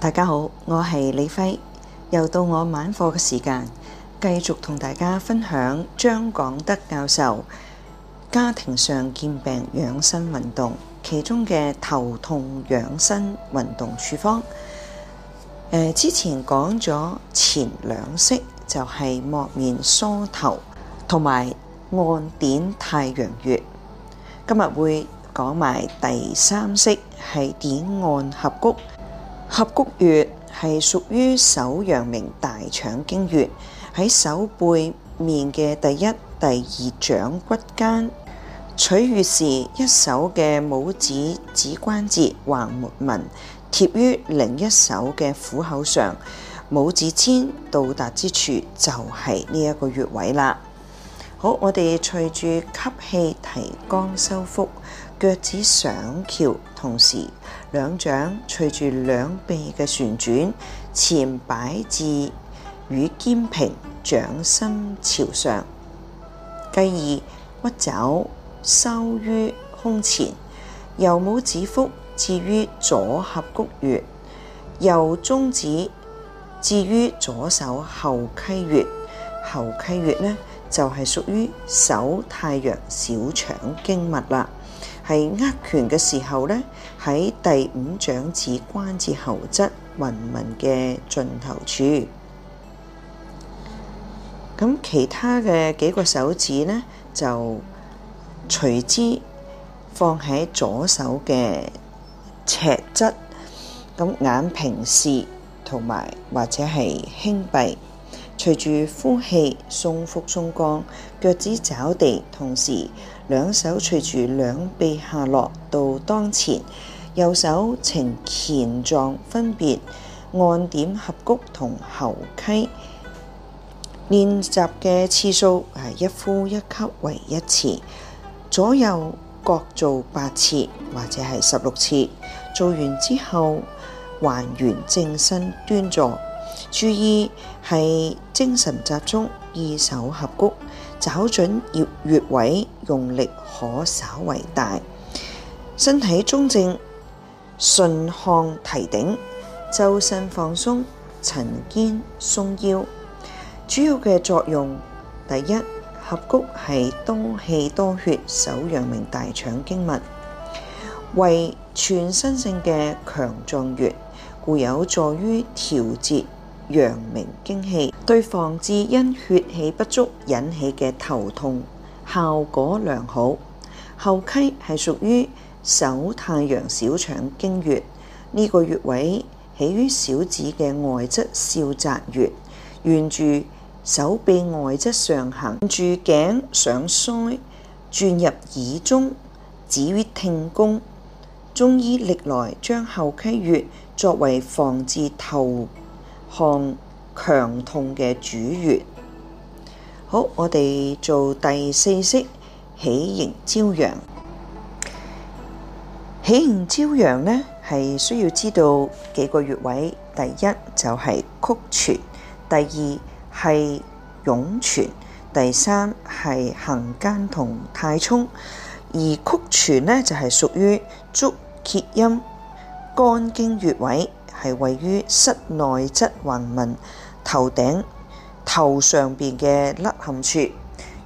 大家好，我係李輝，又到我晚課嘅時間，繼續同大家分享張廣德教授家庭常見病養生運動，其中嘅頭痛養生運動處方。呃，之前講咗前兩式就係摸面梳頭同埋按點太陽穴，今日會講埋第三式係點按合谷。合谷穴係屬於手陽明大腸經穴，喺手背面嘅第一、第二掌骨間。取穴時，一手嘅拇指指關節橫紋貼於另一手嘅虎口上，拇指尖到達之處就係呢一個穴位啦。好，我哋隨住吸氣提肛收腹。腳趾上翹，同時兩掌隨住兩臂嘅旋轉前擺至與肩平，掌心朝上。繼而屈肘收於胸前，右拇指腹置於左合谷穴，右中指置於左手後溪穴。後溪穴呢，就係屬於手太陽小腸經脈啦。係握拳嘅時候呢，喺第五掌指關節後側橫紋嘅盡頭處。咁其他嘅幾個手指呢，就隨之放喺左手嘅尺側。咁眼平視，同埋或者係輕閉。隨住呼氣，鬆腹鬆肛，腳趾找地，同時。兩手隨住兩臂下落到當前，右手呈鉗狀，分別按點合谷同後溪。練習嘅次數係一呼一吸為一次，左右各做八次或者係十六次。做完之後還原正身端坐，注意係精神集中，二手合谷。找準穴位，用力可稍為大。身體中正，順項提頂，周身放鬆，沉肩鬆腰。主要嘅作用，第一，合谷係多氣多血手陽明大腸經脈，為全身性嘅強壯穴，故有助於調節陽明經氣。對防治因血氣不足引起嘅頭痛效果良好。後溪係屬於手太陽小腸經穴，呢個穴位起於小指嘅外側少澤穴，沿住手臂外側上行，沿住頸上腮，轉入耳中，止於聽宮。中醫歷來將後溪穴作為防治頭痛、寒強痛嘅主穴。好，我哋做第四式起迎朝陽。起迎朝陽呢係需要知道幾個穴位。第一就係曲泉，第二係湧泉，第三係行間同太沖。而曲泉呢就係、是、屬於足厥陰肝經穴位，係位於膝內側橫紋。頭頂頭上邊嘅凹陷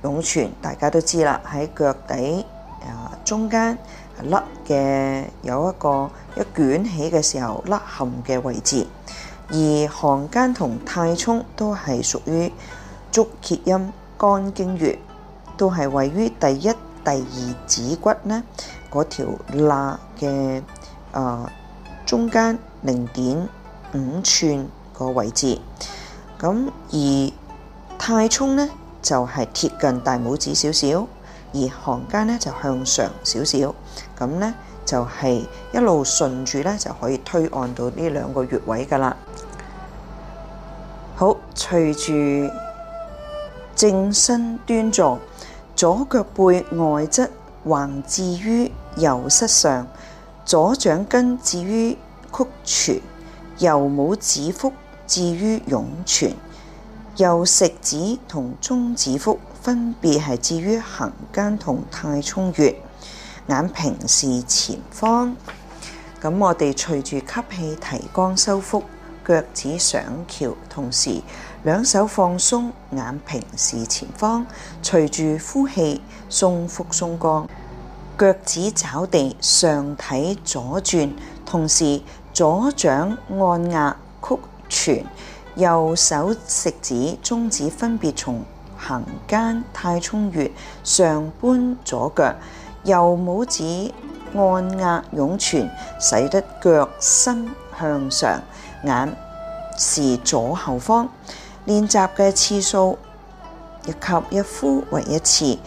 處，湧泉大家都知啦。喺腳底啊，中間凹嘅有一個一捲起嘅時候凹陷嘅位置。而行間同太沖都係屬於足厥陰肝經穴，都係位於第一、第二趾骨呢嗰條罅嘅啊中間零點五寸個位置。咁而太沖咧就係貼近大拇指少少，而行間咧就向上少少，咁咧就係一路順住咧就可以推按到呢兩個穴位噶啦。好，隨住正身端坐，左腳背外側橫置於右膝上，左掌根置於曲泉，右拇指腹。至於湧泉，右食指同中指腹分別係置於行間同太衝穴，眼平視前方。咁我哋隨住吸氣提肛收腹，腳趾上翹，同時兩手放鬆，眼平視前方。隨住呼氣鬆腹鬆肛，腳趾找地，上體左轉，同時左掌按壓曲。右手食指、中指分別從行間、太衝穴上搬左腳，右拇指按壓湧泉，使得腳心向上，眼視左後方。練習嘅次數以及一呼為一次，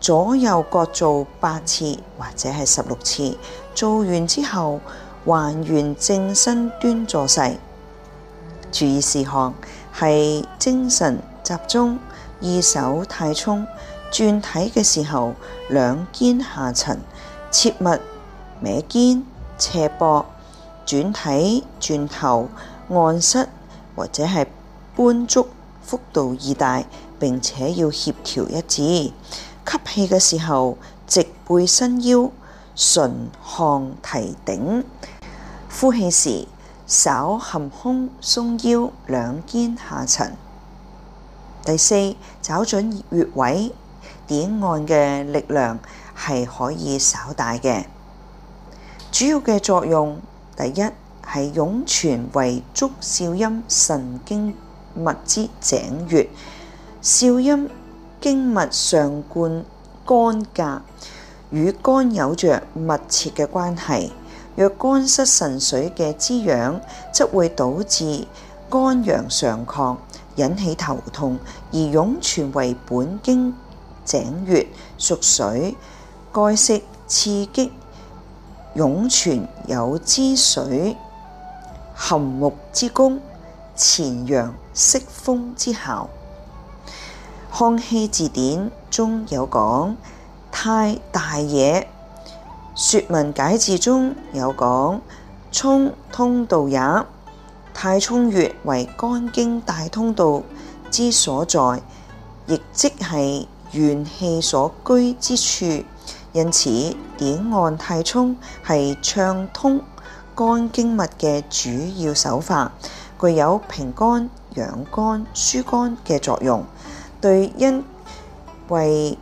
左右各做八次或者係十六次。做完之後，還原正身端坐勢。注意事項係精神集中，二手太沖轉體嘅時候，兩肩下沉，切勿歪肩斜膊。轉體轉頭按膝或者係搬足幅度宜大，並且要協調一致。吸氣嘅時候，直背伸腰，順項提頂；呼氣時，稍含胸、鬆腰、兩肩下沉。第四，找準穴位，點按嘅力量係可以稍大嘅。主要嘅作用，第一係湧泉為足少陰神經脈之井穴，少陰經脈上貫肝膈，與肝有着密切嘅關係。若肝失腎水嘅滋養，則會導致肝陽上亢，引起頭痛。而湧泉為本經井穴，屬水，該式刺激湧泉有滋水、涵木之功，潛陽、息風之效。康熙字典中有講：太，大也。《說文解字》中有講，衝通道也。太衝穴為肝經大通道之所在，亦即係元氣所居之處，因此，點按太衝係暢通肝經脈嘅主要手法，具有平肝、養肝、舒肝嘅作用，對因為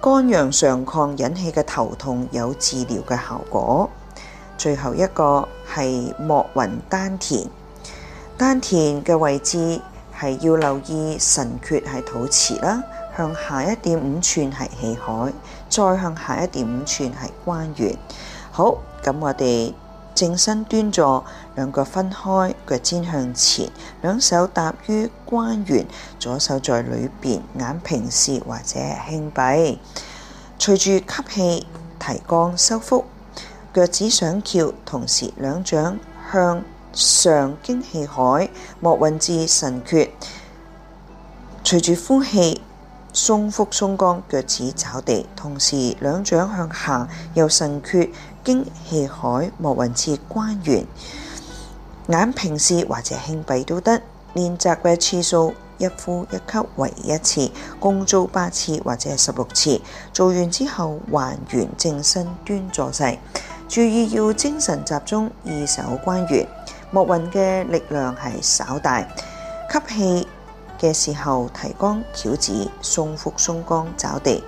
肝陽上亢引起嘅頭痛有治療嘅效果。最後一個係摩運丹田，丹田嘅位置係要留意神闕係肚臍啦，向下一點五寸係氣海，再向下一點五寸係關元。好，咁我哋。正身端坐，兩腳分開，腳尖向前，兩手搭於關元，左手在裏邊，眼平視或者輕閉。隨住吸氣，提肛收腹，腳趾上翹，同時兩掌向上經氣海，莫運至神闕。隨住呼氣，鬆腹鬆肛，腳趾找地，同時兩掌向下由神闕。經氣海、莫雲次關元，眼平視或者輕閉都得。練習嘅次數一呼一吸為一次，共做八次或者十六次。做完之後還原正身端坐勢，注意要精神集中，二手關元。莫雲嘅力量係稍大，吸氣嘅時候提肛、翹指、鬆腹、鬆肛、找地，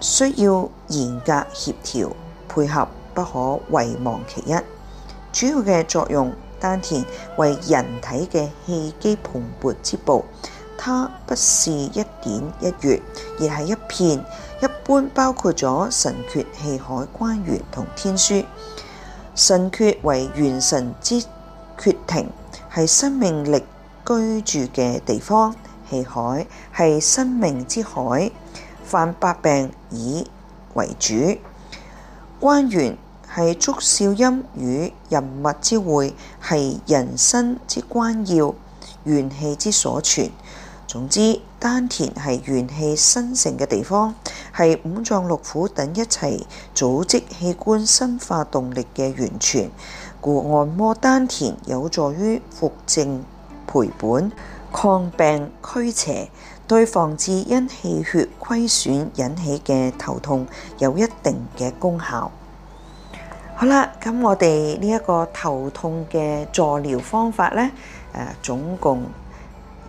需要嚴格協調。配合不可遺忘其一，主要嘅作用，丹田為人體嘅氣機蓬勃之部，它不是一點一穴，而係一片，一般包括咗神闕、氣海、關元同天樞。神闕為元神之闕庭，係生命力居住嘅地方；氣海係生命之海，犯百病以為主。關元係足少陰與任脈之會，係人身之關要，元氣之所存。總之，丹田係元氣生成嘅地方，係五臟六腑等一切組織器官生化動力嘅源泉。故按摩丹田有助於復正培本、抗病驅邪。對防治因氣血虧損引起嘅頭痛有一定嘅功效。好啦，咁我哋呢一個頭痛嘅助療方法呢，誒，總共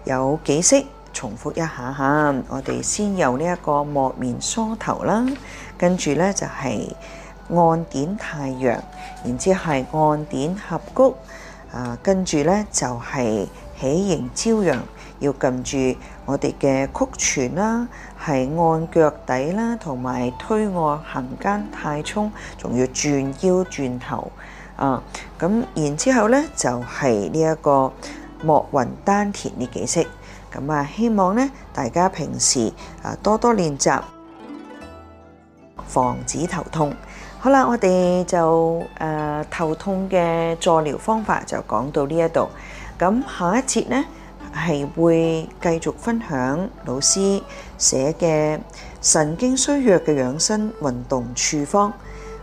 有幾式？重複一下吓，我哋先由呢一個磨面梳頭啦，跟住呢，就係按點太陽，然之後係按點合谷，跟住呢，就係起形朝陽。要撳住我哋嘅曲泉啦，係按腳底啦，同埋推按行間太沖，仲要轉腰轉頭啊！咁然之後咧，就係呢一個磨雲丹田呢幾式。咁啊，希望咧大家平時啊多多練習，防止頭痛。好啦，我哋就誒頭痛嘅助療方法就講到呢一度。咁下一節咧。係會繼續分享老師寫嘅神經衰弱嘅養生運動處方。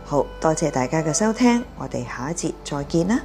好，多謝大家嘅收聽，我哋下一節再見啦。